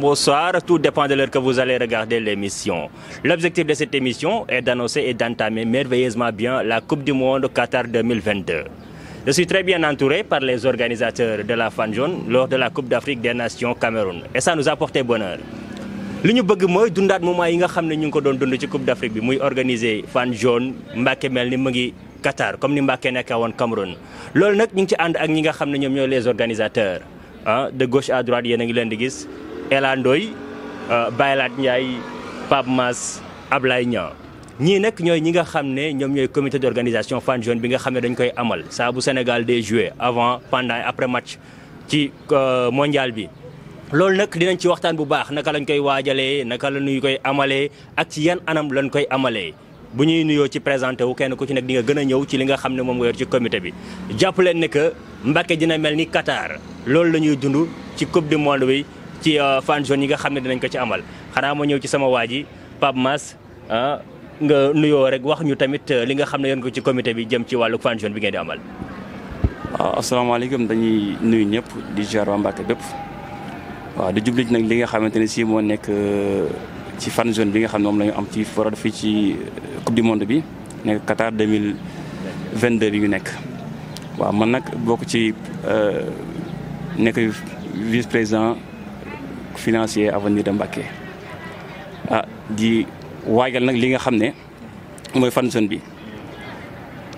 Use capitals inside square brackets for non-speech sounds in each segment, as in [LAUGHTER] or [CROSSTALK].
bonsoir, tout dépend de l'heure que vous allez regarder l'émission. L'objectif de cette émission est d'annoncer et d'entamer merveilleusement bien la Coupe du Monde Qatar 2022. Je suis très bien entouré par les organisateurs de la fan jaune lors de la Coupe d'Afrique des Nations Cameroun. Et ça nous a porté bonheur. bëgg moment yi nga Coupe d'Afrique bi fan jaune Qatar comme ni Mbacké nekkee woon Cameroun loolu nag ñu ci ànd ak ñi nga xam ne ñoom ñooy les organisateurs ah de gauche à droite yéen a ngi leen di gis Ela Ndoye ah, Baylaat Ndiaye Pape Mass Ablaye Niang ñii nag ñooy ñi nga xam ne ñoom ñooy comité d' organisation fan jaune bi nga xam ne dañ koy amal saabu bu Sénégal day joué avant pendant et après match ci euh, mondial bi loolu nag dinañ ci waxtaan bu baax naka lañ koy waajalee naka la ñuy koy amalee ak ci yan anam lañ koy amalee bu ñuy nuyoo ci présenté wu kenn ku ci nekk di nga gën a ñëw ci li nga xam ne moom nga yor ci comité bi jàpp leen ne que Mbacké dina mel ni Qatar loolu la ñuy dund ci coupe du monde bi ci euh, fan yi nga xam ne dinañ ko ci amal xanaa moo ñëw ci sama waa ji Pape Mass ah nga nuyoo rek wax ñu tamit euh, li nga xam ne yoon ko ci comité bi jëm ci wàllu fan bi ngeen di amal. waaw asalaamaaleykum dañuy nuyu ñëpp di ziar waa Mbacké bépp waaw di jublu nag li nga xamante ne si moo nekk. Euh, ci fan zone bi nga xam ne moom la ñu am ci forod fii ci euh, coupe du monde bi nekk Qatar 2022 bi ñu nekk waaw man nag bokk ci euh, nekk vice président financier avenir de Mbacké ah di waajal nag li nga xam ne mooy fan zone bi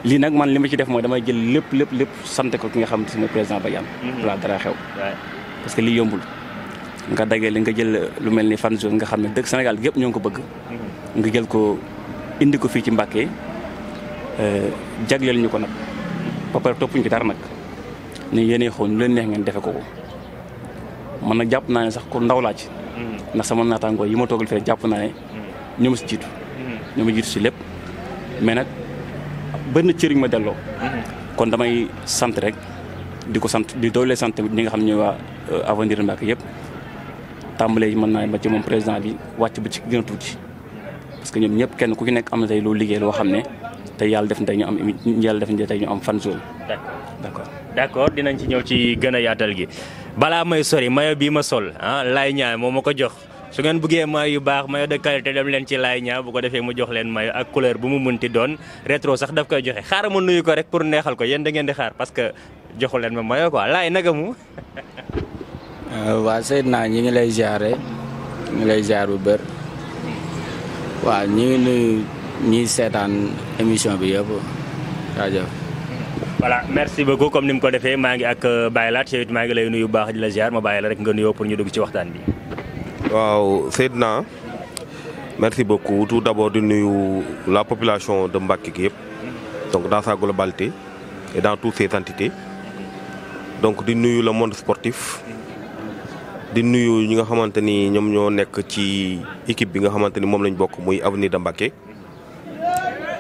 lii nag man li ma ci def mooy damay jël lépp lépp lépp sant ko ki nga xam ne mooy président Badiane mm-hmm. balaa dara xew parce que lii yombul nga dagale nga jël lu mel ni fan zone nga xam ne dëkk Sénégal gépp ñoo ngi ko bëgg. Mhm. nga jël ko indi ko fii ci Mbàkke euh, jagleel ñu ko nag ba pare ci dara nag ni yéenay xool ñu leen neex ngeen defe ko ko man nag jàpp naa ne sax ku ndaw laa ci. Mhm. ndax sama naataangoo yi ma toogal fee jàpp naa ne. Mhm. ñoo ma si jiitu. ñoo jiitu si lépp mais nag bëri cëriñ ma delloo. kon damay sant rek di ko sant di doole sant ñi nga xam ne ñooy waa euh, avenir Mbàkke yëpp. tàmbalee yi mën naa ba ci moom président bi wàcc ba ci gën tuuti parce que ñoom ñëpp kenn ku ci nekk am na tey loo liggéey loo xam ne tey yàlla def na tey ñu am yàlla def na tey fan zone. d'accord dinañ ci ñëw ci gën a yaatal gi balaa may sori mayo bii ma sol ah Laye Niang moo ma ko jox su ngeen bëggee mayo yu baax mayo de qualité dem leen ci Laye Niang bu ko defee mu jox leen mayo ak couleur bu mu munti doon rétro sax daf koy joxe xaaral ma nuyu ko rek pour neexal ko yéen da ngeen di xaar que joxu leen ma [LAUGHS] Euh, waaw Seydina ñi ngi lay ziare ñu ngi lay ziar bu bër waaw ñu nuyu ñiy seetaan émission bi yëpp rajo. voilà merci beaucoup comme ni mu ko defee maa ngi ak euh, Baye Laat maa ngi lay nuyu bu baax di la ziar ma bàyyi la rek nga nuyoo pour ñu dugg ci waxtaan bi. waaw Seydina merci beaucoup tout d'abord di nuyu la population de Mbacké gi yëpp donc dans sa globalité dans toutes ses entités donc di nuyu le monde sportif. di nuyu ñi nga xamanteni ñom ñoo nekk ci équipe bi nga xamanteni mom lañ bokk muy avenir de Mbacké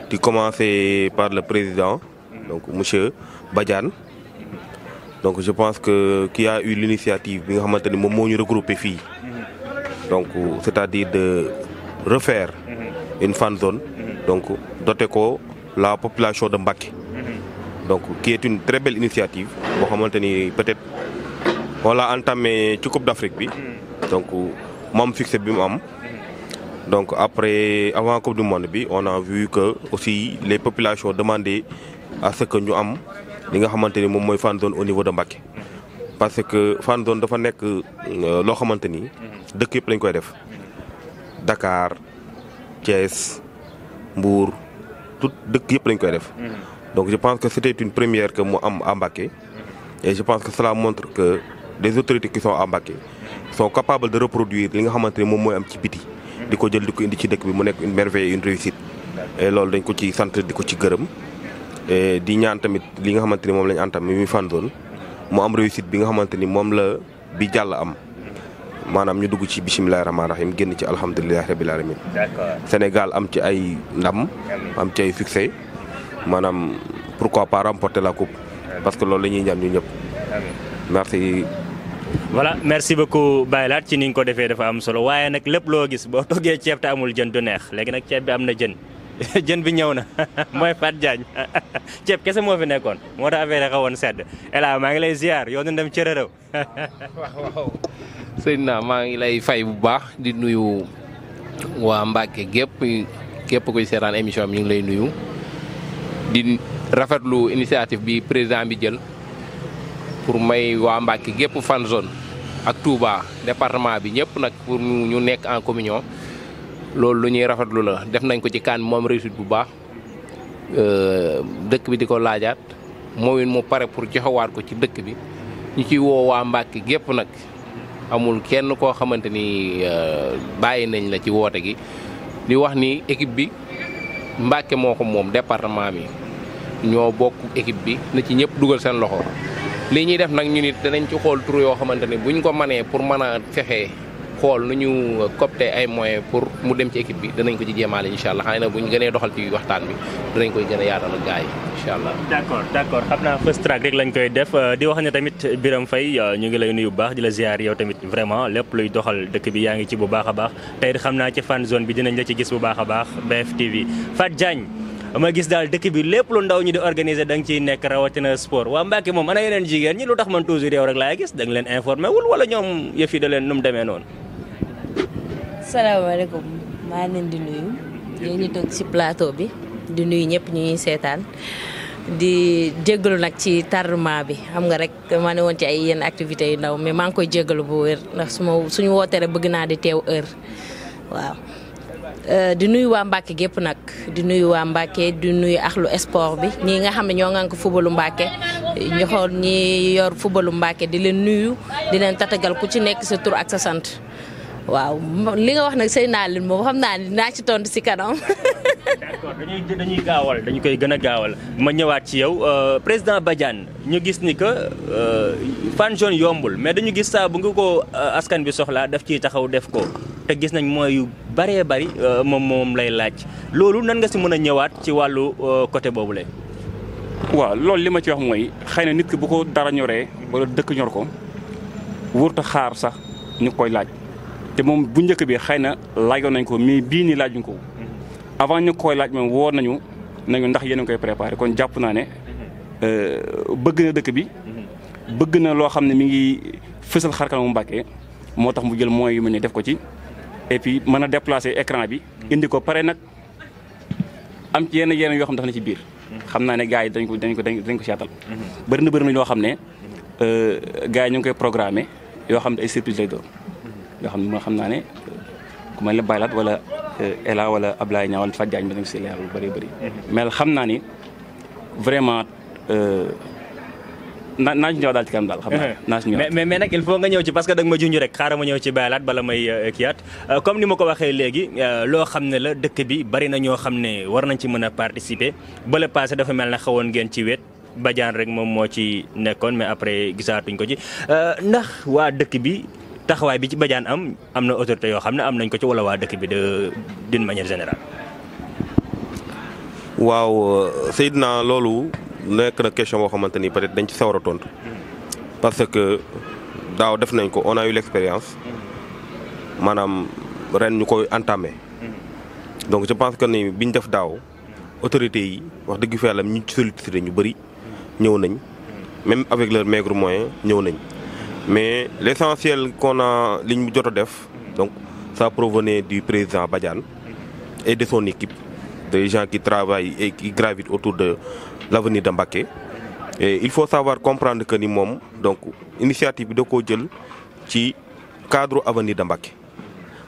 di commencer par le président donc monsieur Badiane donc je pense que qui a eu l'initiative bi nga xamanteni mom mo ñu regrouper fi donc c'est-à-dire de refaire une fan zone donc doté ko la population de Mbaké donc qui est une très belle initiative boo xamanteni peut-être on a entamé la Coupe d'Afrique hmm. donc hmm. donc après avant Coupe du Monde on a vu que aussi les populations demandé à ce que nous am li nga zone au niveau de hmm. parce que fan zone dafa nek lo a Dakar Thiès Mbour tout deuk lañ donc je pense que c'était une première que moi am à et je pense que cela montre que. des autorités qui sont à Mbacké sont capables de reproduire li nga xamante ne moom mooy am ci biti. di ko jël di ko indi ci dëkk bi mu nekk une merveille une réussite. et loolu dañ ko ci sant di ko ci gërëm di ñaan tamit li nga xamante ni moom lañ antam mi muy fan zone mu am réussite bi nga xamante ni moom la bi jàll am. maanaam ñu dugg ci bisimilah rahmaani rahim génn ci alhamdulilah rabil alamin Sénégal am ci ay ndam. am ci ay succès maanaam pourquoi pas remporter la parce que loolu la ñuy ñaan ñu ñëpp. merci. voilà merci beaucoup Baye Laat ci ni ko defee dafa am solo waaye nag lépp loo gis boo toggee ceeb te amul jën du neex léegi nag ceeb bi am na jën [LAUGHS] jën bi ñëw na [LAUGHS] mooy Fat Diagne [LAUGHS] ceeb kese moo fi nekkoon moo tax affaire yi sedd Ela maa ngi lay ziar yow dañu dem ci réew. naa maa ngi lay fay bu baax di nuyu waa Mbacke gépp képp kuy seetaan émission bi ñu ngi lay nuyu di rafetlu initiative bi président bi jël. pour may waa Mbacke gépp fan zone ak Touba département bi ñëpp nag pour ñu nekk en communion loolu lu ñuy rafetlu la def nañ ko ci kaan moom réussite bu baax euh, dëkk bi di ko laajaat moom it mu pare pour joxewaat ko ci dëkk bi ñu ci woo waa Mbacke gépp nag amul kenn koo xamante ni euh, bàyyi nañ la ci woote gi di wax ni équipe bi Mbacke moo ko moom département bi ñoo bokk équipe bi na ci ñëpp dugal seen loxo. lii ñuy def nag ñu nit danañ ci xool tur yoo xamante ne buñ ko manee pour mën a fexe xool nu ñu copter ay moyens pour mu dem ci équipe bi danañ ko ci jéemaale incha allah xëy na ñu gënee doxal ci waxtaan bi danañ koy gën a yaatal ak gars allah. d' accord d' accord xam naa first track rek lañ koy def euh, di wax ne tamit Birame Faye euh, ñu ngi lay nuyu bu baax di la ziar yow tamit vraiment lépp luy doxal dëkk bi yaa ngi ci bu baax a baax tey xam naa ci fan zone bi dinañ la ci gis bu baax a baax BFTV Fat Diagne. ma gis dal dëkk bi lépp lu ndaw ñi di organiser da nga ciy nekk rawatina sport waa Mbacke moom ana yeneen jigéen ñi lu tax man toujours yow rek laay gis da nga leen informé wul wala ñoom yëf yi da leen nu demee noonu. salaamaaleykum maa di nuyu yéen ñi toog ci plateau bi di nuyu ñëpp ñu ñuy seetaan di jéggalu nag ci tardement bi xam nga rek maa ne woon ci ay yenn activités yu ndaw mais maa koy jéggalu bu wér ndax suñu wootee rek di teew heure waaw. Euh, di nuyu waa Mbacke gépp nag di nuyu waa Mbacke di nuyu ak lu sport bi ñi nga xam ne ñoo ngank footballu Mbacke ñu xool ñi yor footballu Mbacke di leen nuyu di leen tatagal ku ci nekk sa tur ak sa sant waaw li nga wax nag sëy naa leen moom xam naa ni naa ci tontu si kanam [LAUGHS] d'accord dañuy dañuy gaawal dañu koy gën a gaawal ma ñëwaat ci yow euh, président Badiane ñu gis ni que euh, fan zone yombul mais dañu gis saa bu nga ko euh, askan bi soxlaa def ci taxaw def ko te gis nañ mooy yu bëree bëri moom moom lay laaj loolu nan nga si mën a ñëwaat ci wàllu côté boobu la waaw loolu li ma ci wax mooy xëy na nit ki bu ko dara ñoree wala dëkk ñor ko wurta xaar sax ñu koy laaj te moom bu njëkk bi xëy na laajoon nañ ko mais bii nii laajuñ ko avant ñu koy laaj moom woo nañu nañu ndax yéen koy préparé kon jàpp naa ne euh, bëgg na dëkk bi bëgg na loo xam ne mi ngi fësal mu Mbàkke moo tax mu jël moyens yu mel ne def ko ci et puis mën a déplacer écran bi indi ko pare nag am ci yenn yeneen yoo xam dafa ne ci biir xam naa ne gaa yi dañ ko dañ ko dañ ko seetal bëri na bëri na loo xam ne euh, gars yi ñu ngi koy programmé yoo xam ne ay surprise lay doon yoo xam ne moo xam naa ne ku mel ne baylaat wala Euh, Ela wala Ablaye Niang wala Fatou Diagne ma nekk si leer lu bëri bëri. mais xam naa ni vraiment euh, naa naa ci ñëw daal ci kanam daal xam naa uh-huh. naa ci ñëw mais mais nag il faut nga ñëw ci parce que da nga ma junj rek xaaral ma ñëw ci bayalaat bala may euh, kiyaat comme ni ma ko waxee léegi loo xam ne la dëkk bi bari na ñoo xam ne war nañ ci mën a participer bala passé dafa mel ne xawoon ngeen ci wet. Badiane rek moom moo ci nekkoon mais après gisaatuñ ko ci ndax waa dëkk bi. taxawaay bi ci bajaan am am na autorité yoo xam ne am nañ ko ci wala waa dëkk bi de d'une manière générale. waaw Seydina loolu nekk na question boo xamante ni peut-être dañ ci sawar a tontu. parce que daaw def nañ ko on a eu l'expérience. maanaam ren ñu koy entamé. donc je pense que ni biñ def daaw autorité yi wax dëgg fa yàlla ñu sollicité ñu bëri ñëw nañ. même avec leurs maigres ñëw nañ. mais l'essentiel qu'on a ligne de donc ça provenait du président Badian et de son équipe des gens qui travaillent et qui gravitent autour de l'avenir d'Ambaké. et il faut savoir comprendre que nous avons donc initiative de qui cadre l'avenir de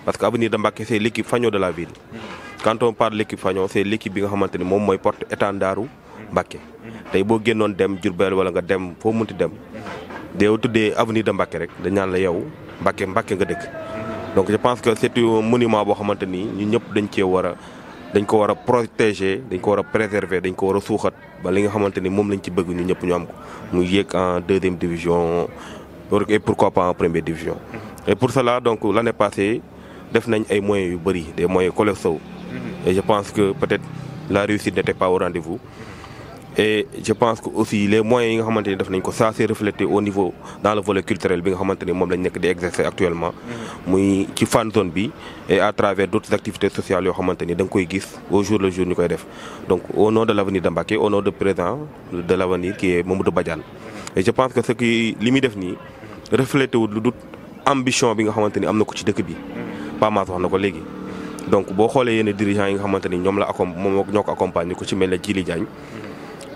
parce que l'avenir de c'est l'équipe fagnon de la ville quand on parle de l'équipe fagnon c'est l'équipe qui porte étendard d'Ambaké. xamante porte étendardu Mbacké tey boo génnoon dem nga dem de donc je pense que c'est un monument à xamante protéger préserver en deuxième division et pourquoi pas en première division. et pour cela l'année passée nous avons ay moyens des moyens colossaux. et je pense que peut-être la réussite n'était pas au rendez-vous et je pense que aussi les moyens yi nga xamante ça s'est reflété au niveau dans le volet culturel bi nga avons exercé exercer actuellement. Mm-hmm. muy ci fan zone bi et à travers d'autres activités sociales que nous avons da koy au jour le jour donc au nom de l'avenir de au nom de présent de l'avenir qui est Mamadou Badian et je pense que ce qui limite muy def de reflété wul l'ambition dut ambition bi nga xamante ni am pas ko ci dëkk bi. Mm-hmm. donc boo xoolee les dirigeants yi nga xamante ni ñoom la accom les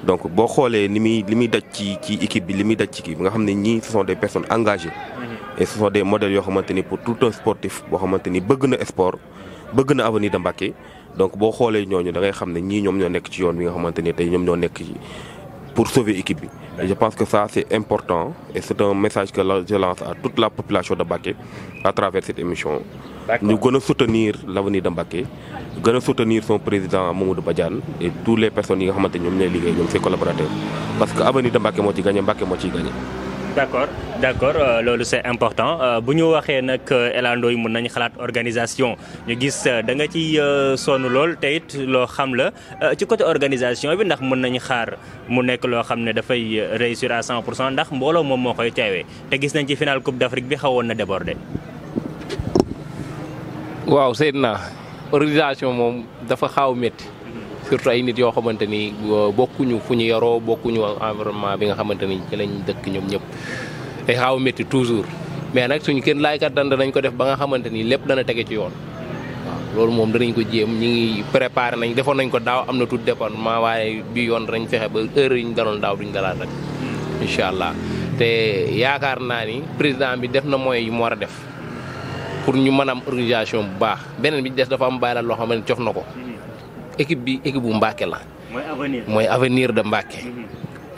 donc bo xolé li muy li muy daj ci ci équipe bi limi muy daj ci kii bi nga xamné ñi ce sont des personnes engagées. Mhm. et ce sont des modèles yo xamanteni pour tout un sportif bo xamanteni bëgg na sport bëgg na avenir de Mbacké donc bo xolé ñoñu da ngay xamné ñi ñom ñoom ñoo nekk ci yoon bi nga xamanteni tay ñom ñoom ñoo nekk ci pour sauver l'équipe. je pense que ça, c'est important et c'est un message que je lance à toute la population de Baké à travers cette émission. Nous allons soutenir l'avenir de nous allons soutenir son président Mamoudou Badian et toutes les personnes qui ont été ses collaborateurs. Parce que l'avenir de Baké, gagner, gagné, Baké, c'est gagné. d' accord d' accord euh, loolu c' est important euh, bu ñu waxee nag euh, El Hadj mun nañ xalaat organisation ñu gis da nga ci sonn lool te loo xam la ci côté organisation bi ndax mën nañu xaar mu nekk loo xam ne dafay réussir pour cent ndax mbooloo moom moo koy teewee te gis nañ ci final coupe d' bi xawoon na débordé. waaw Seydina organisation moom dafa xaaw métti. surtout ay nit yoo xamante ni euh, ñu fu ñu yaroo bokkuñu environnement bi nga xamante ni ci lañ dëkk ñoom ñëpp day xaaw métti toujours mais nag suñ kenn laay kattan danañ ko def ba nga xamante ni lépp dana tege ci yoon. loolu moom danañ ko jéem ñi ngi préparé nañ defoon nañ ko daaw am na tout dépendement waaye bi yoon danañ fexe ba heure yi ñu daloon daaw duñ dalaat rek incha allah te yaakaar naa ni président bi def na mooy yi war a def pour ñu mën am organisation bu baax beneen bi des dafa am bàyyi la loo xam ne jox na ko équipe bi équipe bu Mbacké la. mooy avenir mooy avenir de Mbacké. Mhm.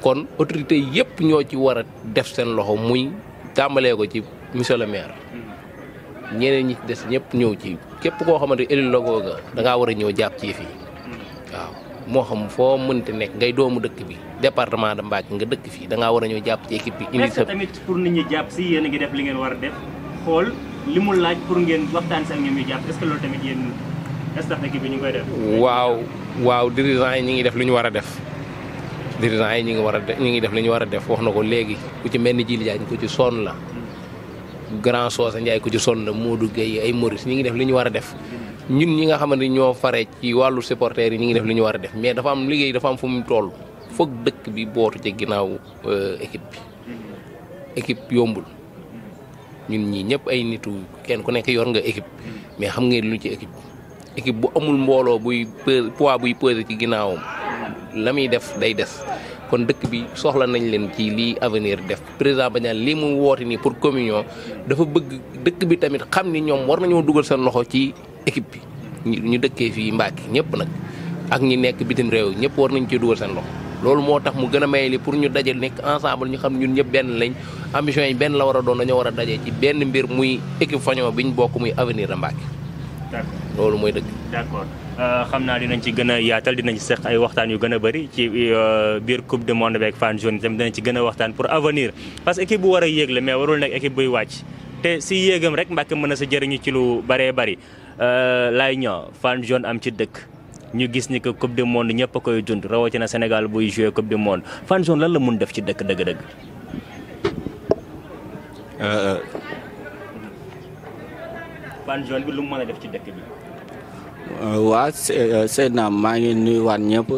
kon autorité yëpp ñoo ci war a def seen loxo muy tàmbalee ko ci monsieur le maire. Mhm. ñeneen ñi ci des ñëpp ñëw ci képp koo xamante élu logoo ga da ngaa war a ñëw jàpp ci yëf yi mhm. moo xam foo mënti nekk ngay doomu dëkk bi département de Mbacké nga dëkk fii da ngaa war a ñëw jàpp ci équipe bi. indi sa tamit pour nit ñi jàpp si yéen a ngi def li ngeen war def xool li mu laaj pour ngeen waxtaan seen ngeen ñu jàpp est loolu tamit yéen. est-ce bi ñu ngi waaw waaw dirigeant yi ñu ngi def lu ñu war a def dirigeant yi ñu ngi war a def ñu ngi def lu ñu war a def wax na ko léegi ku ci mel ni Djily Diagne ku ci sonn la. Grand Socé Ndiaye ku ci sonn la Modou Gueye ay Maurice ñu ngi def li ñu war a def. ñun ñi nga xamante ñoo fare ci wàllu supporters yi ñu ngi def lu ñu war a def mais dafa am liggéey dafa am fu mu toll foog dëkk bi bootu ci ginnaaw euh, équipe bi. équipe yombul ñun ñii ñëpp ay nitu kenn ku nekk yor nga équipe mais xam ngeen lu ci équipe. équipe bu amul mbooloo buy pë poids buy peser ci ginnaawam la muy def day des kon dëkk bi soxla nañ leen ci lii avenir def président Badiane lii mu woote nii pour communion dafa bëgg dëkk bi tamit xam ni ñoom war nañoo dugal seen loxo ci équipe bi ñu dëkkee fii Mbacké ñëpp nag ak ñu nekk bitim réew ñëpp war nañ ci dugal seen loxo loolu moo tax mu gën a may li pour ñu daje nekk ensemble ñu xam ñun ñëpp benn lañ ambition yi benn la war a doon dañoo war a daje ci benn mbir muy équipe fañoo bi ñu bokk muy avenir a Mbacké loolu mooy dëgg. d'accord euh, xam naa dinañ ci gën a yaatal dinañ seq ay waxtaan yu gën a bëri ci euh, biir coupe du monde beeg fan jaune tamit dinañ ci gën waxtaan pour avenir parce que équipe bu war a yéeg la mais warul nekk équipe buy wàcc te si yéegam rek Mbacké mën na sa jëriñu ci lu bëree bëri euh, laay ñoo fan jaune am ci dëkk. ñu gis ni que coupe du monde ñëpp koy dund rawatina Sénégal buy joué coupe du monde fan zone lan la mun def ci dëkk dëgg-dëgg. zone lu mën a def ci dëkk bi. Euh, waa euh, Seydina maa ngi nuyuwaat ñëpp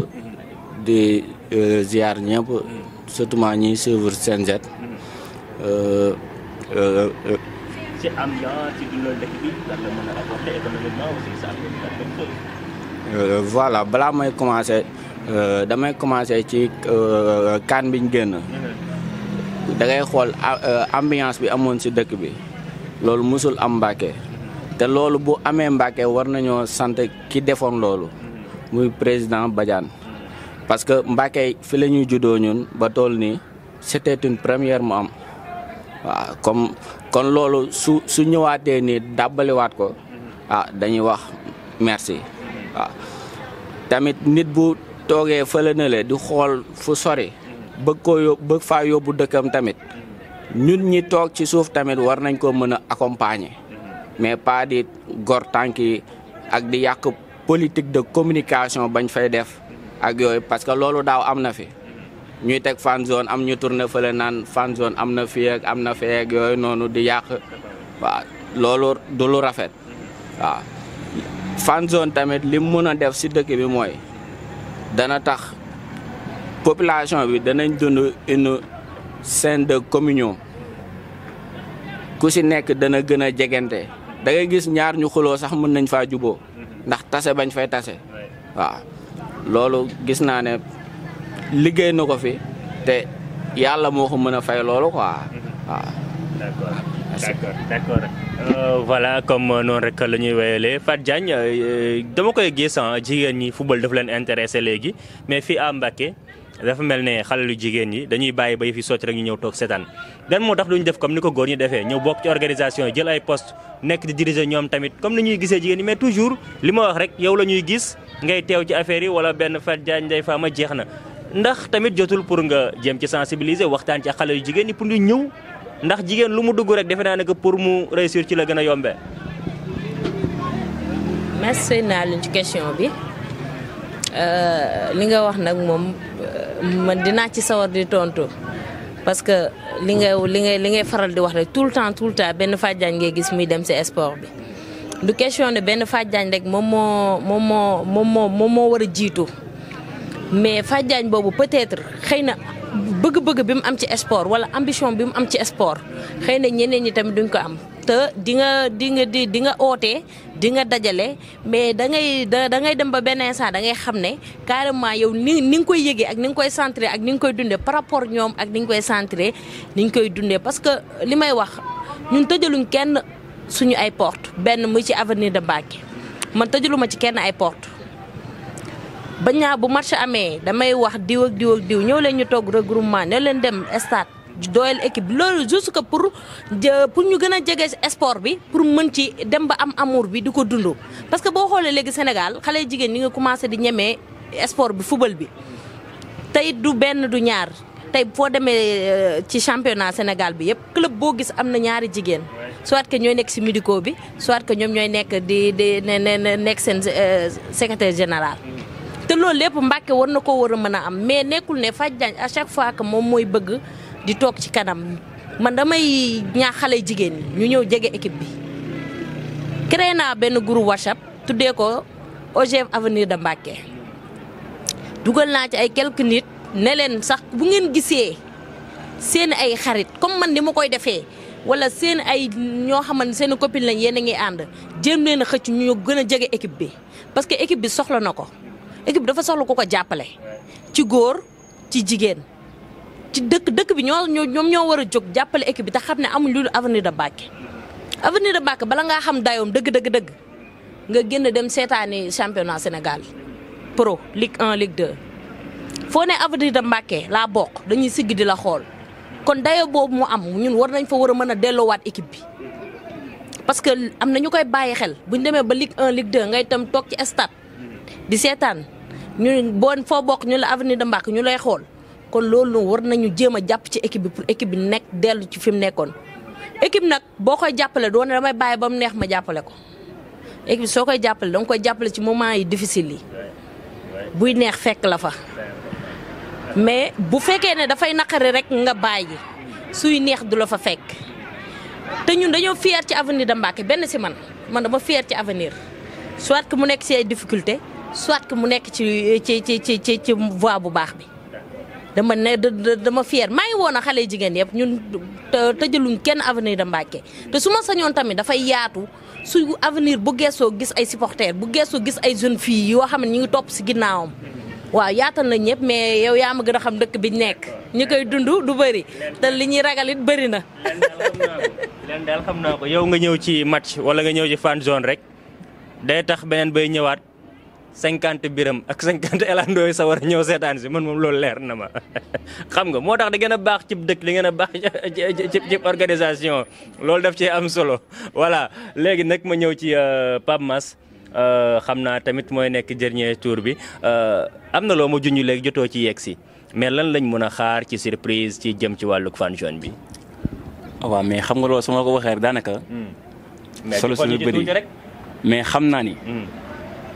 di euh, ziar ñëpp surtout maa ñuy suivre seen jet voilà balaa may commencé damay commencé ci kaan biñ génn mhm. da ngay xool ambiance bi amoon si dëkk bi loolu musul am Mbàkke te loolu bu amee Mbàkke war nañoo sant ki defoon loolu muy président Badiane parce que Mbàkke fi la ñuy juddoo ñun ba tool nii c'était une première mu am waaw comme kon loolu su su ñëwaatee ni dàbbaliwaat ko ah dañuy wax merci waaw tamit nit bu toogee fële na le di xool fu sori bëgg koo yób bëgg yóbbu dëkkam tamit ñun ñi toog ci suuf tamit war nañ ko mën a accompagner mais pas di gor tànk yi ak di yàq politique de communication bañ fay def ak yooyu parce que loolu daaw am na fi ñuy teg fan zone am ñu tourné fële naan fan am na fii ak am na fee ak yooyu noonu di yàq waaw loolu du rafet waaw fan tamit li mën a def si dëkk bi mooy dana tax population bi danañ dund une scène de communion ku si nekk dana gën a jegante da ngay gis ñaar ñu xuloo sax mën nañ faa jubo mm-hmm. ndax tase bañ fay tase waaw loolu gis naa ne liggéey na ko fi te yàlla moo ko mën a fay loolu quoi mm-hmm. waaw. d'accord d'accord d'accord euh, voilà comme euh, noonu rek la ñuy wéyalee Fat Diagne euh, dama koy gis ah jigéen ñi football daf leen intéressé léegi mais fii à Mbacké dafa mel ne xale lu jigéen ñi dañuy bàyyi ba yëf yi sotti rek ñu ñëw toog seetaan dan moo tax lu ñu def comme ni ko góor ñi defee ñëw bokk ci organisation jël ay poste nekk di diriger ñoom tamit comme ni ñuy gisee jigéen ñi mais toujours li ma wax rek yow la ñuy gis ngay teew ci affaire yi wala benn fat jaan nday faama jeex na ndax tamit jotul pour nga jëm ci sensibiliser waxtaan ci xale yu jigéen ñi pour ñu ñëw ndax jigéen lu mu dugg rek defe naa ne que pour mu réussir ci la gën a yombee merci ci question bi Euh, li nga wax nag moom euh, man dinaa ci sawar di tontu parce que li nga li ngay li ngay faral di wax rek tout le temps tout le temps benn fàjjaañ ngay gis muy dem si sport bi. du question ne benn fàjjaañ rek moom moo moom moo moom moo moom moo war a jiitu mais fàjjaañ boobu peut-être xëy na bëgg-bëgg bi mu am ci sport wala ambition bi mu am ci sport xëy na ñeneen ñi tamit duñ ko am. te di nga di nga di nga ootee di nga dajale mais da ngay da ngay dem ba benn instant da ngay xam ne carrément yow ni ni nga koy yëgee ak ni nga koy centré ak ni nga koy dundee par rapport ñoom ak ni nga koy centré ni nga koy dundee parce que li may wax ñun tëjaluñ kenn suñu ay porte benn mu ci avenir de Mbacké man tëjaluma ci kenn ay porte bañ naa bu marché amee damay wax diw ak diw ak diw ñëw leen ñu toog regroupement ñëw leen dem stade doyal équipe loolu juste que pour pour ñu gën a jege sport bi pour mën ci dem ba am amour bi di ko dund. parce que boo xoolee léegi Sénégal xale jigéen ñi nga commencé di ñemee sport bi football bi tey du benn du ñaar tey foo demee euh, ci championnat Sénégal bi yëpp club boo gis am na ñaari jigéen. soit que ñooy nekk si médico bi soit que ñoom ñooy nekk di di nekk seen euh, secrétaire général. te loolu lépp Mbàkke war na ko war a mën a am mais nekkul ne Fadj Diagne à chaque fois que moom mooy bëgg. di toog ci kanam man damay ñaax xale jigéen ñi ñu ñëw jege équipe bi créé naa benn groupe WhatsApp tuddee ko OGM avenir de Mbacké dugal naa ci ay quelques nit ne leen sax bu ngeen gisee seen ay xarit comme man ni ma koy defee wala seen ay ñoo xamante seen i copine lañ yéen a ngi ànd jéem leen a xëcc ñu gën a jege équipe bi parce que équipe bi soxla na ko équipe dafa soxla ko ko jàppale ci góor ci jigéen. ci dëkk dëkk bi ñoo ñoom ñoo war a jóg jàppale équipe bi te xam ne amuñ lu avenir de Mbacké avenir de Mbacké bala nga xam dayoom dëgg dëgg dëgg nga génn dem seetaani championnat Sénégal pro Ligue 1 Ligue 2 foo ne avenir de Mbacké la bokk dañuy sigg di la xool kon dayo boobu mu am ñun war nañ fa war a mën a delloowaat équipe bi parce que am na ñu koy bàyyi xel bu ñu demee ba Ligue un Ligue 2 ngay tam toog ci stade di seetaan ñu boo foo bokk ñu la avenir de Mbacké ñu lay xool. kon loolu war nañu jéem a jàpp ci équipe bi pour équipe bi nekk dellu ci fi mu nekkoon. équipe nag boo koy jàppale doone damay bàyyi ba mu neex ma jàppale ko équipe soo koy jàppale danga koy jàppale ci moment yi difficile yi buy neex fekk la fa mais bu fekkee ne dafay naqari rek nga bàyyi suy neex du la fa fekk te ñun dañoo fier ci avenir de Mbacké benn si man man dama fier ci avenir soit que mu nekk ci ay difficulté soit que mu nekk ci ci ci ci ci voie bu baax bi dama ne dama fier may wona xalé jigen yeb jigéen yëpp ñun tëjaluñ kenn avenir da mbacké te suma sañon tamit da fay yaatu su avenir bu gesso gis ay supporter bu gesso gis ay jeune fille yo xam ñi ngi top ci ginnaawam waaw yaatal na ñepp mais yow ya ma gëna xam dëkk bi ñek ñu koy du bari te li ñi ragal it na. leen dal xamna ko yow nga ñew ci match wala nga ñew ci fan zone rek day tax benen bay ñëwaat. cinquante biram ak cinquante elandoo yi sa war a ñëw seetaan si man moom loolu leer na ma xam nga moo tax da ngeen a baax cib dëkk li ngeen a baax ci cib organisation loolu daf cee am solo voilà léegi nag ma ñëw ci euh, Pape Mass euh, xam naa tamit mooy nekk dernier tour bi euh, am na loo ma junj léegi jotoo ci yegg si mais lan lañ mën a xaar ci surprise ci jëm ci wàllu fan zone bi. Ah waaw mais xam nga loolu su ma ko waxee daanaka. Hmm. solo suñu bëri mais xam naa ni. Hmm.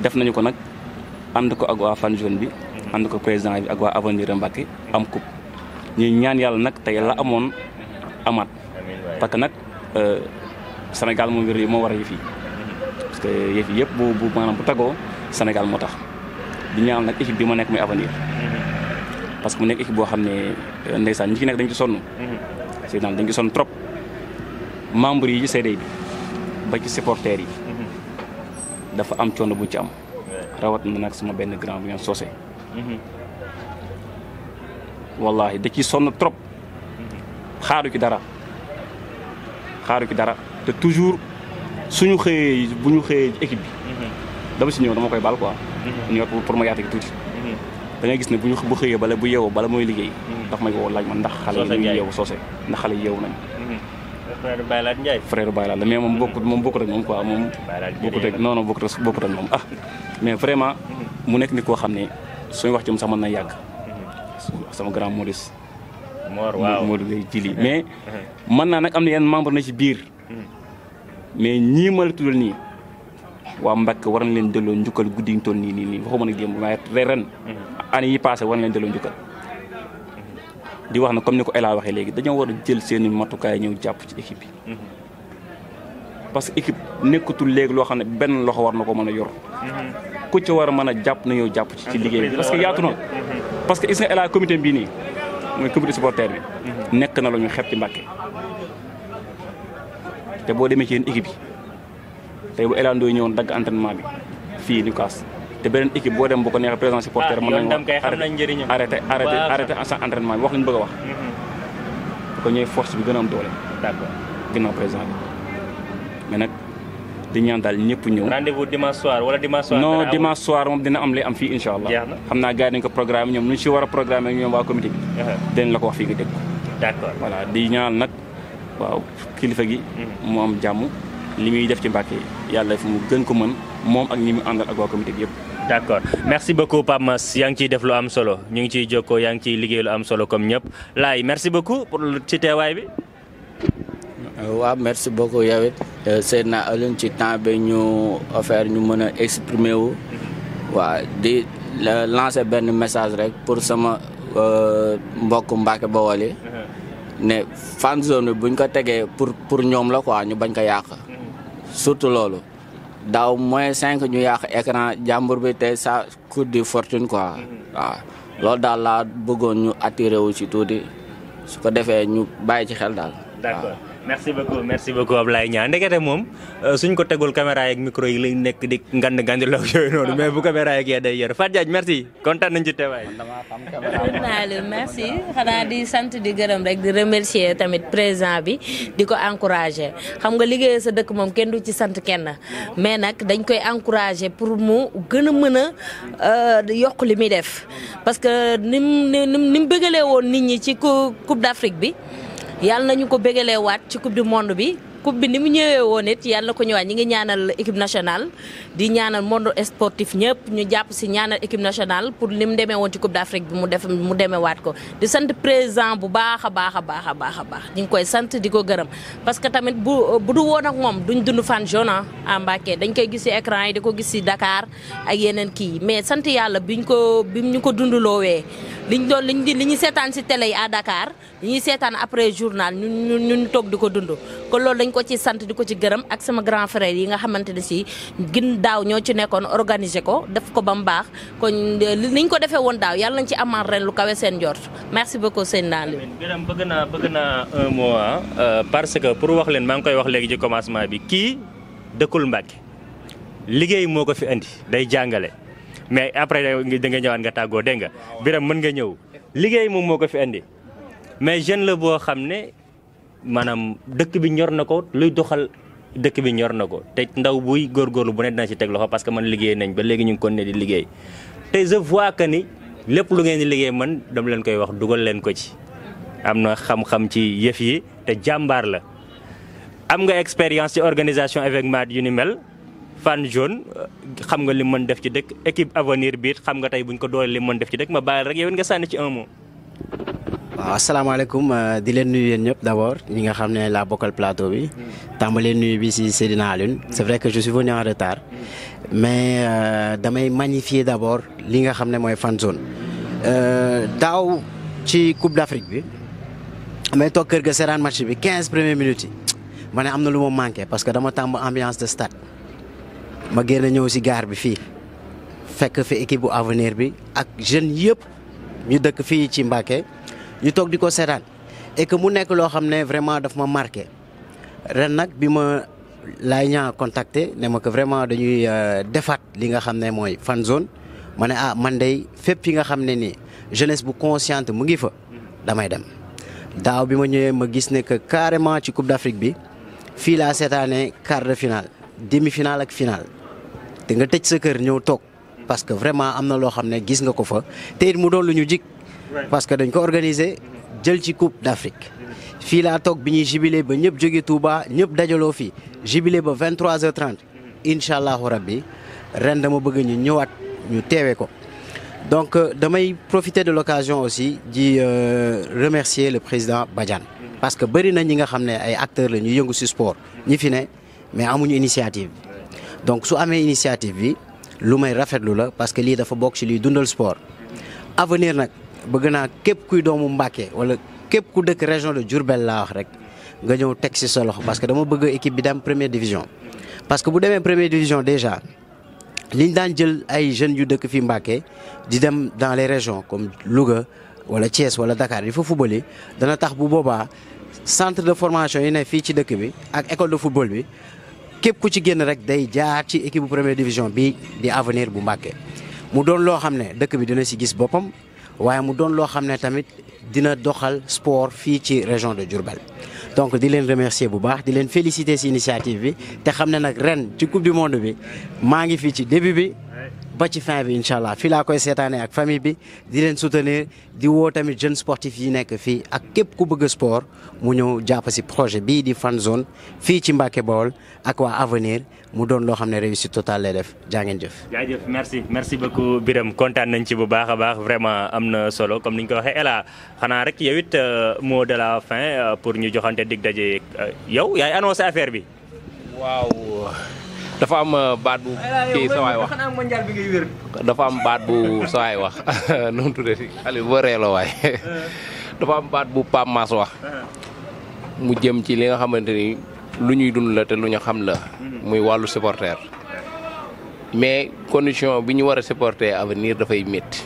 def nañu ko nak and ko ak waa fan jeune bi and ko président bi ak waa avenir Mbacké am coup ñi ñaan yalla nak tay la amoon amaat parce que nag euh, Sénégal mo war parce que bu bu manam bu tago Sénégal moo tax di ñaan nak équipe bi ma nek muy avenir parce que mu nek équipe bo xamné ne euh, ñi ki nek dañ ci sonu mhm. c'est dañ ci trop membre yi ci CD bi ba ci supporters yi dafa am coono bu ci am rawat na nag suma benn grand bu ñoon soose wallahi da ci sonn trop mhm. xaaru ci dara xaaru ki dara te toujours suñu xëyee bu ñu xëyee équipe bi mhm. dama si ñëw dama koy baal quoi mhm. ñëw pour ma yaata gi tuuti da gis ne bu ñu bu xëyee bala bu yeewoo bala mooy liggéey ndax may woo laaj man ndax xale yi yeewu soose ndax xale yeewu nañ frère Baylaat Ndiaye. frère Baylaat la mais moom bokkut moom bokkut ak moom quoi moom. bokkut ak moom ah. mais vraiment mu nekk nit koo xam ne sooy wax ci moom sax mën na yàgg. Hmm. sama grand Modus. Mor waaw Modou lay jili hmm. mais hmm. mën naa nag am na yenn membre na ci biir. mais ñii ma la nii. waa Mbacke war na leen delloo njukkal guddi ñu toll nii nii nii waxuma nag démb waaye ren. année yi passé war na leen delloo njukkal. di wax na comme ni ko Ela waxee léegi dañoo war a jël seen i matukaay ñëw jàpp ci équipe bi. Mhm. parce que équipe nekkatul léegi loo xam ne benn loxo war na ko mën a yor. Mhm. ku ci war a mën a jàpp na ñëw jàpp ci ci liggéey bi parce que yaatu na. Mhm. parce que gis nga Ela comité bii nii mooy comité supporter bi. nekk na lu ñu xeeb ci Mbàkke te boo demee ci yéen équipe yi tey bu Ela Ndoye ñëwoon dagg entraînement bi fii Lukaas te benen équipe bo dem bu ko neex présent supporter ah, mën nañu arrêté arrêté arrêté sa entraînement wax ñu bëgg wax hmm. ko ñoy force bi gëna am doole d'accord gëna présent mais nak di ñaan dal ñepp ñew rendez-vous dimanche soir wala dimanche soir non dimanche soir moom dina am li am fi insha allah gaay naa dañ ko programme ñom ñu ci wara programme ak ñom wa comité bi la ko wax fi nga dégg d'accord voilà di ñaan nak. waaw kilifa gi hmm. mu am jamm limuy def ci Mbàkke yalla fu mu gën ko mën ak ñi mu andal ak wa comité bi D'accord. Merci beaucoup Pamas, yang ci def lu am solo. Ñu ngi ci joko yang ci liggéey lu am solo comme ñep Lay, merci beaucoup pour ci téway bi. wa merci beaucoup yawit c'est euh, na alun ci temps be ñu offert ñu mëna exprimer wu wa di lancer ben message rek pour sama euh, mbokk mbake bawale yi ne fan zone buñ ko tegee pour pour ñom la quoi ñu bañ ko yaq mm-hmm. surtout lolu daaw moins cinq ñu yàq écran jàmbur bi te ça coûte de fortune quoi mm-hmm. waaw loolu daal la bëggoon ñu attiré wu ci tuuti su ko defee ñu bàyyi ci xel daal. d'accord merci beaucoup merci beaucoup Ablaye Niang ndekete moom euh, suñ ko tegul caméra yeeg micro yi nekk di ngand ngandiloo yooyu noonu mais bu caméra yeeg yaa day yor Fatou Diagne merci kontaan nañ ci teewaay. naa la bi di ko encourager xam nga liggéey sa dëkk moom kenn du ci sant kenn mais nag dañ koy encourager pour mu gën a mën a euh, yokk li muy def parce que ni mu ni mu bëggalee woon nit ñi ci coupe d'Afrique bi. yàlla nañu ko bégalee waat ci coupe du monde bi coupe bi ni mu ñëwee woon it yàlla na ko ñëwaat ñi ngi ñaanal équipe nationale di ñaanal monde esportif ñëpp ñu jàpp si ñaanal équipe nationale pour ni mu demee woon ci coupe d'Afrique bi mu def mu demee waat ko di sant président bu baax a baax a baax a baax a baax ñu ngi koy sant di ko gërëm parce que tamit bu bu du woon ak moom duñ dundu fan jona ah, à dañ koy gis si écran yi di ko gis si dakaar ak yeneen kii mais sant yàlla biñ ko bi ñu ko dundloowee liñ doon liñ di li ñu seetaan si télé yi à Dakar li ñuy seetaan après journal ñu ñu toog di ko dund kon loolu dañ ko ci sant di ko ci gërëm ak sama grand frère yi nga xamante ne si gin daaw ñoo ci nekkoon organiser ko def ko ba mu baax kon niñ ko defee woon daaw yàlla nañ ci amaan ren lu kawe seen njort merci beaucoup seen daal gërëm bëgg naa bëgg naa un mot euh, parce que pour wax leen maa ngi koy wax léegi ci commencement bi kii dëkkul Mbàkke liggéey moo ko fi indi day jàngale mais après da nga ñëwaat nga tàggoo dégg nga Birame mën nga ñëw liggéey moom moo ko fi indi mais jeune la boo xam ne maanaam dëkk bi ñor na ko luy doxal dëkk bi ñor na ko te ndaw buy góor góorgóorlu bu ne dina ci teg loxo parce que man liggéey nañ ba léegi ñu ngi kon ne di liggéey te je vois que ni lépp lu ngeen di liggéey man dama leen koy wax dugal leen ko ci am na xam-xam ci yëf yi te jàmbaar la am nga expérience ci organisation événement yu ni mel fan jaune xam nga li mën def ci dëkk équipe avenir biit xam nga tey buñ ko doole li mën def ci dëkk ma bàyyi rek yow nga sànni ci un mot. waaw asalaamaaleykum euh, di leen nuyu yéen ñëpp d' abord ñi nga xam ne laa bokkal plateau bi. tàmbalee nuyu bi si Seydina Alioune. c' est vrai que je suis venu en retard. mais euh, damay magnifier d' abord li nga xam ne mooy fan zone. Euh, daaw ci Coupe d' Afrique bi. may toog kër ga seeraan match bi 15 premières minutes yi. ma ne am na manqué parce que dama tàmb ambiance de ma génn ñëw si gaar bi fii fekk fi équipe bu avenir bi ak jeune yëpp ñu dëkk fii ci Mbacké ñu toog di ko seetaan et que mu nekk loo xam ne vraiment daf ma marqué ren nag bi ma laay ñaa contacté ne ma que vraiment dañuy euh, defaat li nga xam ne mooy fan zone ma ne ah man day fépp fi nga xam ne nii jeunesse bu consciente mu ngi fa damay dem daaw bi ma ñëwee ma gis ne que carrément ci Coupe d'Afrique bi fii laa seetaanee quart de finale demi finale ak finale te nga tëj sa kër ñëw tok parce que vraiment amna lo xamné gis nga ko fa te it mu doon luñu jik parce que dañ ko organiser jël ci coupe d'Afrique fi la tok bi ñuy jubilé ba ñëpp jóge Touba ñëpp dajalo fi jubilé ba 23h30 Inshallah, allahu rabbi ren dama bëgg ñu ñëwaat ñu téwé ko. donc euh, damay profiter de l'occasion aussi di euh, remercier le président Badiane. parce que bari na ñi nga xamné ay acteurs la ñu yëngu ci sport. ñi fi né mais amuñu initiative donc su amé initiative bi lu may rafetlu la parce que li dafa bokk ci liy dundal sport avenir nak bëgg na képp kuy doomu mbacké wala képp ku dëkk région de Djourbel la wax rek nga ñëw teg ci parce que dama bëgg équipe bi dem première division parce que bu demee première division déjà liñ dan jël ay jeunes yu dëkk fi mbacké di dem dans les régions comme Louga wala Thiès wala Dakar di fa football dana tax bu boba centre de formation yi ne fii ci dëkk bi ak école de football bi képp ku ci génn rek day jaar ci équipe première division bi di avenir bu Mbacké mu doon loo xam ne bi dina si gis boppam waaye mu tamit dina doxal sport fii ci région de Djourbel. donc di leen remercier bu baax di leen féliciter si initiative bi te xam ne nag coupe du monde bi maa ngi fii ci début ba ci fin bi incha allah fii laa koy seetaanee ak famille bi di leen soutenir di woo tamit jeunes sportifs yi nekk fii ak képp ku bëgg sport mu ñëw jàpp si projet bii di fan zone fii ci Mbacke Bawol ak waa avenir mu doon loo xam ne réussite totale lay def jaa ngeen jëf. jaajëf merci merci beaucoup Birem kontaan nañ ci bu baax a baax vraiment am na solo comme ni ñu ko waxee Ela xanaa rek yow it euh, mot de la fin euh, pour ñu joxante dig daje euh, yow yaay annoncé affaire bi. waaw. Euh, dafa am baat bu kii sawaay wax dafa am baat bu sawaay wax nu mu tuddati Aliou boo reeloo waay [LAUGHS] dafa am baat bu Pape Mass wax mu jëm ci li nga xamante ni lu ñuy dund la te lu ñu xam la muy wàllu supporter mais condition bi ñu war a supporter avenir dafay métti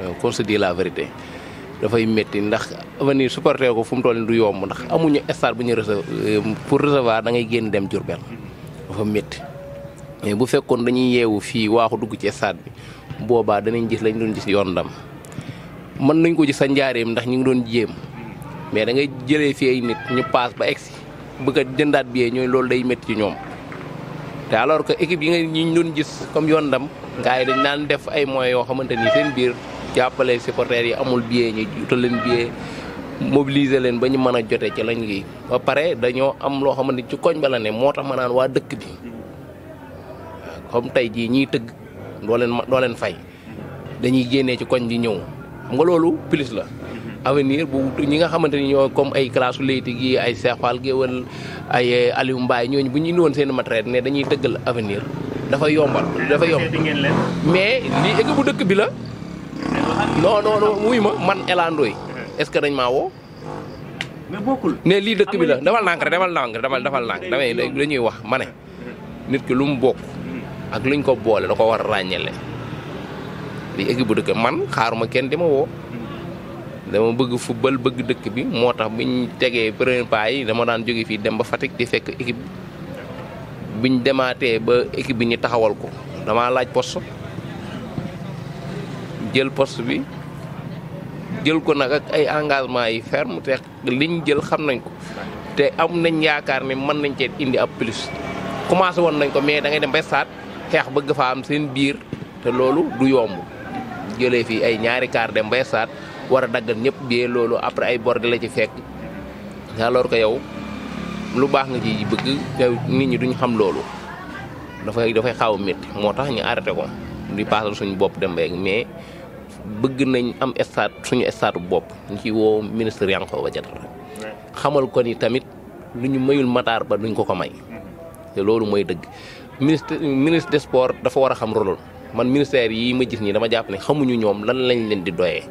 euh, qu'on la vérité dafay métti ndax avenir supporter ko fu mu toll du yomb ndax amuñu stade bu ñu recevoir euh, pour recevoir da ngay génn dem Diourbel dafa métti mais bu fekkoon dañuy yeewu fii waaxu dugg ci stade bi boobaa danañ gis lañ doon gis yoon ndam mën nañ ko ci sa njaareem ndax ñu ngi doon jéem mais da ngay jëlee fii ay nit ñu paas ba egsi bëgg a jëndaat bi ñooy loolu day métti ci ñoom te alors que équipe yi nga ñu doon gis comme yoon ndam gars yi dañ naan def ay moyens yoo xamante ni biir jàppale supporters yi amul billet ñu jutal leen billet mobiliser leen ba ñu mën a jote ci lañ gi ba pare dañoo am loo xamante ci koñ ba ne moo tax ma waa dëkk bi comme tey jii ñii tëgg doo leen doo leen fay dañuy génnee ci koñ bi ñëw xam nga loolu plus la avenir bu ñi nga xamante ni ñoo comme ay classe u layti gi ay Cheikh Fall Géwal ay Aliou Mbaye ñooñu bu ñu indi woon seen matériel ne dañuy tëggal avenir dafa yombal dafa yomb mais lii équipe bu dëkk bi la non non ma man Ela Ndoye est ce que dañ maa woo mais bokkul ne lii dëkk bi la demal nànk rek demal nànk demal defal nànk damay dañuy wax ma mm. nit ki lu mu bokk mm. ak luñ ko boole da ko war ràññele li équipe bu dëkk man xaaruma kenn di ma mm. dama bëgg football bëgg dëkk bi premier pas yi dama daan dem ba Fatick di fekk équipe ba équipe bi taxawal ko dama laaj poste jël poste bi jël ko nag ak ay engagement yi ferme te liñ jël xam nañ ko te am nañ yaakaar ne mën nañ cee indi ab plus commencé woon nañ ko mais da ngay dem ba saat xeex bëgg fa am seen biir te loolu du yomb jëlee fii ay ñaari kaar dem ba saat war a daggal ñëpp bee loolu après ay bor di la ci fekk alors ko yow lu baax nga ci bëgg nit ñi duñ xam loolu dafay dafay xaw a moo tax ñu arrêté ko di paasal suñu bopp dem ba mais bëgg nañ am stade suñu stade bopp ñu ci woo ministre Yankhoba Diattara xamal ko ni tamit lu ñu mayul mataar ba duñ ko ko may te loolu mooy dëgg ministre ministre des sports dafa war a xam rôle man ministère yii ma gis nii dama jàpp ne xamuñu ñoom lan lañ leen di doyee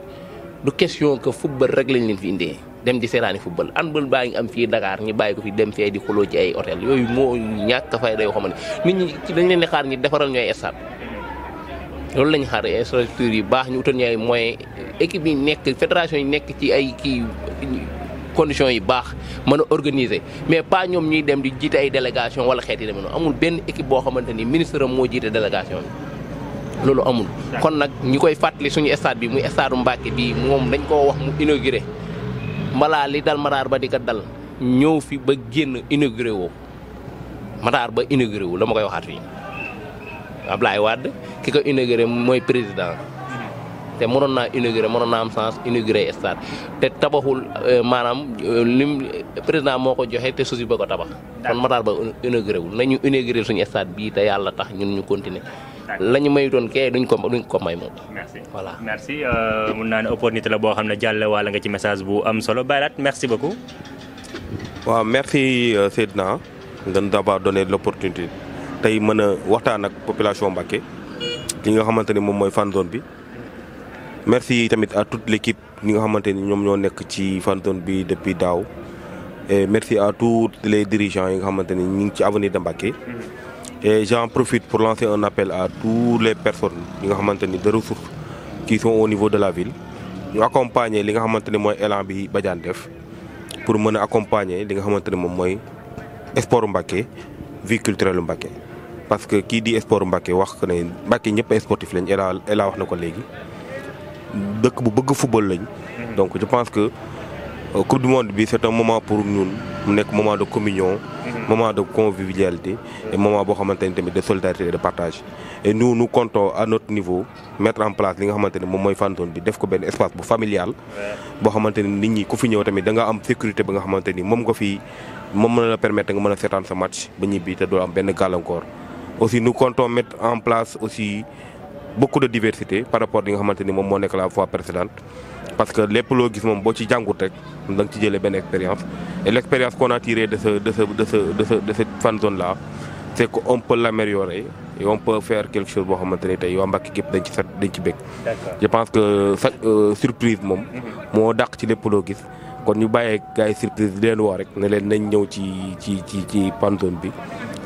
du question que football rek lañ leen fi indee dem di seetaani football handball baa ngi am fii Dakar ñu bàyyi ko fi dem fee di xuloo ci ay hôtel yooyu moo ñàkk fay day yoo xam ne nit dañ leen ne xaar ñi defaral ñooy stade loolu lañ xaar infrastructure yu baax ñu utal ñu mooy moyens équipe yi nekk fédération yi nekk ci ay kii conditions yi baax mën a organiser mais pas ñoom ñuy dem di jiit ay délégation wala xeet yi demee noonu amul benn équipe boo xamante ni ministre am moo jiite délégation bi loolu amul kon nag ñu koy fàttali suñu stade bi muy stade Mbacké bii moom dañ koo wax mu inauguré mbalaa li dal Matar Ba di ko dal ñëw fi ba génn inauguré woo Matar Ba inauguré wu la ma koy waxaat fii Ablaye Wade ki ko inauguré mooy président te mënoon naa inauguré mënoon naa am sens inauguré stade te tabaxul euh, maanaam euh, lim président moo ko joxe te suuf ba ko tabax. kon Matar ba inauguré wul nañu inauguré suñu stade bii te yàlla tax ñun ñu continuer la ñu may doon kee duñ ko duñ ko may moom. merci voilà merci euh, mun naa ne opportunité la boo xam ne jàll waala nga ci message bu am solo Bayrat merci beaucoup. waaw merci Seydina. dañ d'abord donné l'opportunité. tay mën a waxtaan ak population Mbacké li nga xamanteni mom moy fan zone bi merci tamit à toute l'équipe ñi nga xamanteni ñom ñoo nekk ci fan zone bi depuis daw et merci à tous les dirigeants yi nga xamanteni ni ci avenir de Mbacké et j'en profite pour lancer un appel à toutes les personnes yi nga xamanteni de ressources qui sont au niveau de la ville ñu accompagner li nga xamanteni moy élan bi Badiane def pour mën accompagner li nga xamanteni mom moy mooy sport Mbacké vie culturelle Mbacké parce que kii di sport Mbacke wax que ne Mbacke ñëpp ay sportif lañ Ela Ela wax na ko léegi dëkk bu bëgg football lañ. donc je pense que euh, coupe du monde bi c'est un moment pour ñun mu nekk moment de communion. moment de convivialité et moment boo xamante ni tamit de solidarité de partage et nous nous comptons à notre niveau mettre en place li nga xamante ne moom mooy fanton zone bi def ko benn espace bu familial. boo xamante ni nit ñi ku fi ñëw tamit da nga am sécurité ba nga xamante ni moom nga fi moom mën na la permettre nga mën a seetaan sa match ba ñibbi te doo am benn gàllankoor. nous comptons mettre en place aussi beaucoup de diversité par rapport à ce que ni la fois précédente parce que l'épologisme, loo gis moom une ci expérience et l'expérience qu'on a tirée de cette fan zone là c'est qu'on peut l'améliorer et on peut faire quelque chose pour maintenir ni tey waa dans dañ je pense que la euh, surprise c'est que mm-hmm. dàq ci lépp nous gis kon ñu gars surprise de leen woo rek ne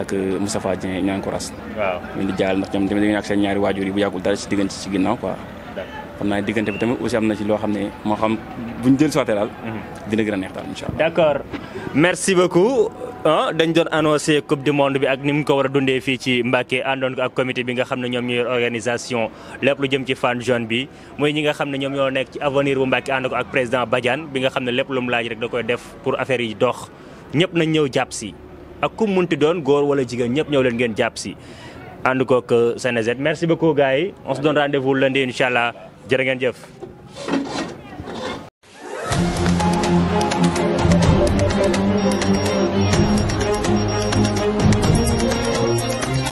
ak Moustapha Dieng ñankoras waaw ñu jaal ndax ñom tamit dañu ak seen ñaari waajur yi bu yagul dara ci diggante ci ginnaw quoi xam na diggante bi tamit aussi am na ci lo xam mo xam buñu jël soté dal mhm. dina gëna neex dal inshallah d'accord merci beaucoup ah dañ doon annoncé coupe du monde bi ak nim ko wara dundé fi ci mbacké andon ak comité bi nga xam ñom ñuy organisation lepp lu jëm ci fan jaune bi moy ñi nga xam ñom ñoo nekk ci avenir bu mbacké ànd ak président Badiane bi nga xam lepp lu mu laaj rek da koy def pour affaire yi dox ñëpp nañ ñëw japp si ak ku munti doon góor wala jigéen ñëpp ñëw leen ngeen jàpp si ànd kook Senejet merci beaucoup gars yi on se donne rendez-vous lundi jërë ngeen jëf